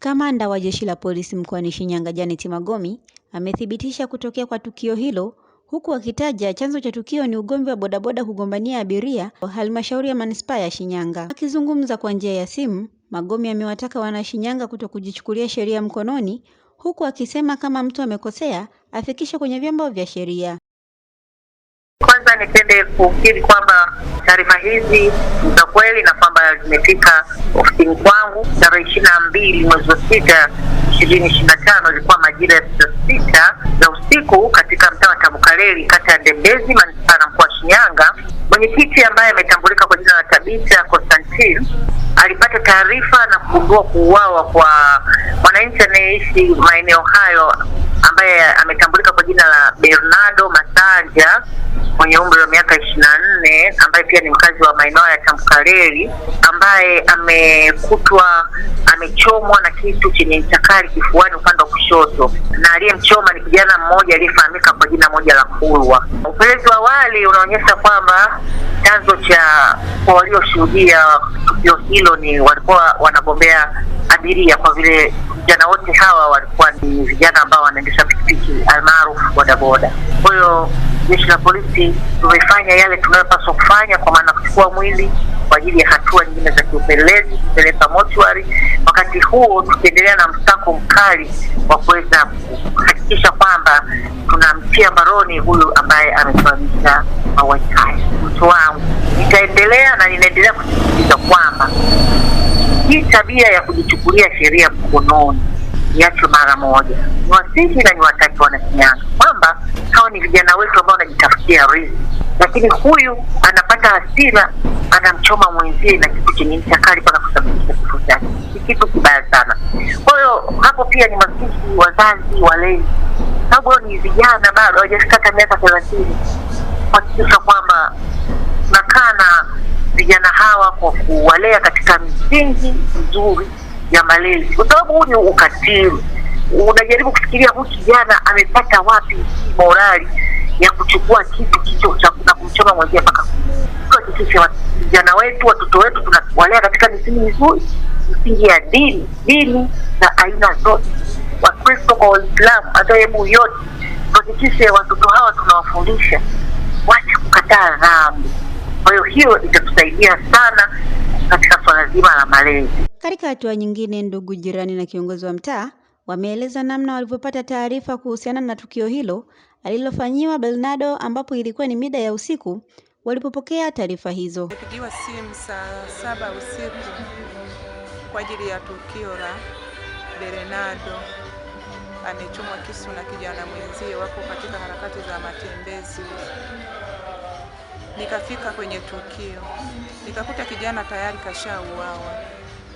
Kamanda wa Jeshi la Polisi mkoani Shinyanga Janet Magomi amethibitisha kutokea kwa tukio hilo huku akitaja chanzo cha tukio ni ugomvi wa bodaboda kugombania abiria wa halmashauri ya manispaa ya Shinyanga. Akizungumza kwa njia ya simu, Magomi amewataka Wanashinyanga kuto kujichukulia sheria mkononi huku akisema kama mtu amekosea afikishe kwenye vyombo vya sheria. Kwanza nipende kukiri kwamba Taarifa hizi za kweli na kwamba zimefika ofisini kwangu tarehe ishirini na mbili mwezi wa sita ishirini ishirini na tano ilikuwa majira ya saa sita za usiku katika mtaa wa Tabukareli kata ya Ndembezi manispaa na mkoa wa Shinyanga. Mwenyekiti ambaye ametambulika kwa Tabitha Constantine alipata taarifa na kugundua kuuawa kwa mwananchi anayeishi maeneo hayo ambaye ametambulika kwa jina la Bernardo Masanja mwenye umri wa miaka ishirini na nne ambaye pia ni mkazi wa maeneo ya Tambukareli ambaye amekutwa amechomwa na kitu chenye ncha kali kifuani upande wa kushoto, na aliyemchoma ni kijana mmoja aliyefahamika kwa jina moja la Kulwa. upelezi wa awali unaonyesha kwamba chanzo cha kwa walioshuhudia tukio hilo ni walikuwa wanagombea abiria, kwa vile vijana wote hawa walikuwa ni vijana ambao wanaendesha pikipiki almaarufu bodaboda. Kwa hiyo jeshi la polisi tumefanya yale tunayopaswa kufanya, kwa maana kuchukua mwili kwa ajili ya hatua nyingine za kiupelelezi, kupeleka mochwari, wakati huo tukiendelea na msako mkali wa kuweza kuhakikisha kwamba tunamtia mbaroni huyu ambaye amesimamisha mauaji ninaendelea na ninaendelea kusisitiza kwamba hii tabia ya kujichukulia sheria mkononi iachwe mara moja. ni wasisi na ni wataki Wanakinyanga kwamba hawa ni vijana wetu ambao wanajitafutia riziki, lakini huyu anapata hasira, anamchoma mwenzie na kitu chenye ncha kali mpaka kusababisha kifo chake. Ni kitu kibaya sana. Kwa hiyo hapo pia ni wasihi wazazi, walezi, sababu ni vijana bado hawajafika hata miaka thelathini, kuhakikisha kwamba tunakaa na vijana hawa kwa kuwalea katika misingi mizuri ya malezi, kwa sababu huu ni ukatili. Unajaribu kufikiria huyu kijana amepata wapi morali ya kuchukua kitu kicho na kumchoma mwenzie mpaka vijana wetu watoto wetu tunawalea katika misingi mizuri, misingi ya dini, dini na aina zote, Wakristo kwa Waislamu, madhehebu yote, tuhakikishe watoto hawa tunawafundisha wache kukataa dhambi. Kwa hiyo hiyo itatusaidia sana katika swala zima la malezi. Katika hatua nyingine, ndugu jirani na kiongozi wa mtaa wameeleza namna walivyopata taarifa kuhusiana na tukio hilo alilofanyiwa Bernado, ambapo ilikuwa ni mida ya usiku walipopokea taarifa hizo. Nilipigiwa simu saa saba usiku kwa ajili ya tukio la Bernado amechomwa kisu na kijana mwenzie, wako katika harakati za matembezi Nikafika kwenye tukio, nikakuta kijana tayari kashauawa.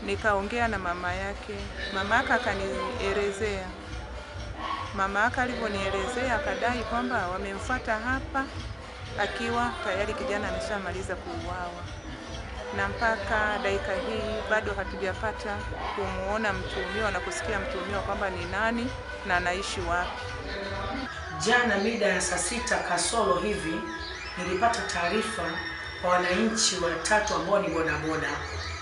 Nikaongea na mama yake, mama yake akanielezea. Mama yake alivyonielezea, akadai kwamba wamemfuata hapa akiwa tayari kijana ameshamaliza kuuawa, na mpaka dakika hii bado hatujapata kumuona mtuhumiwa na kusikia mtuhumiwa kwamba ni nani na anaishi wapi. Jana mida ya saa sita kasoro hivi nilipata taarifa kwa wananchi watatu ambao ni bodaboda,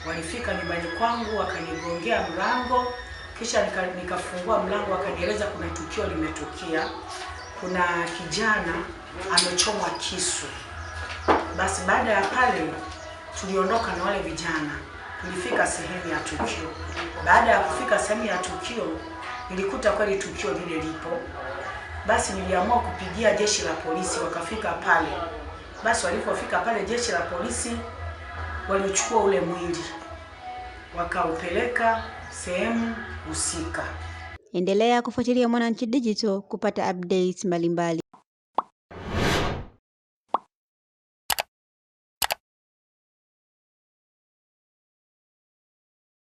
walifika nyumbani kwangu wakanigongea mlango, kisha nika, nikafungua mlango, wakanieleza kuna tukio limetokea, kuna kijana amechomwa kisu. Basi baada ya pale tuliondoka na wale vijana, tulifika sehemu ya tukio. Baada ya kufika sehemu ya tukio, nilikuta kweli tukio lile lipo basi niliamua kupigia jeshi la polisi, wakafika pale. Basi walipofika pale jeshi la polisi walichukua ule mwili wakaupeleka sehemu husika. Endelea kufuatilia Mwananchi Digital kupata updates mbalimbali.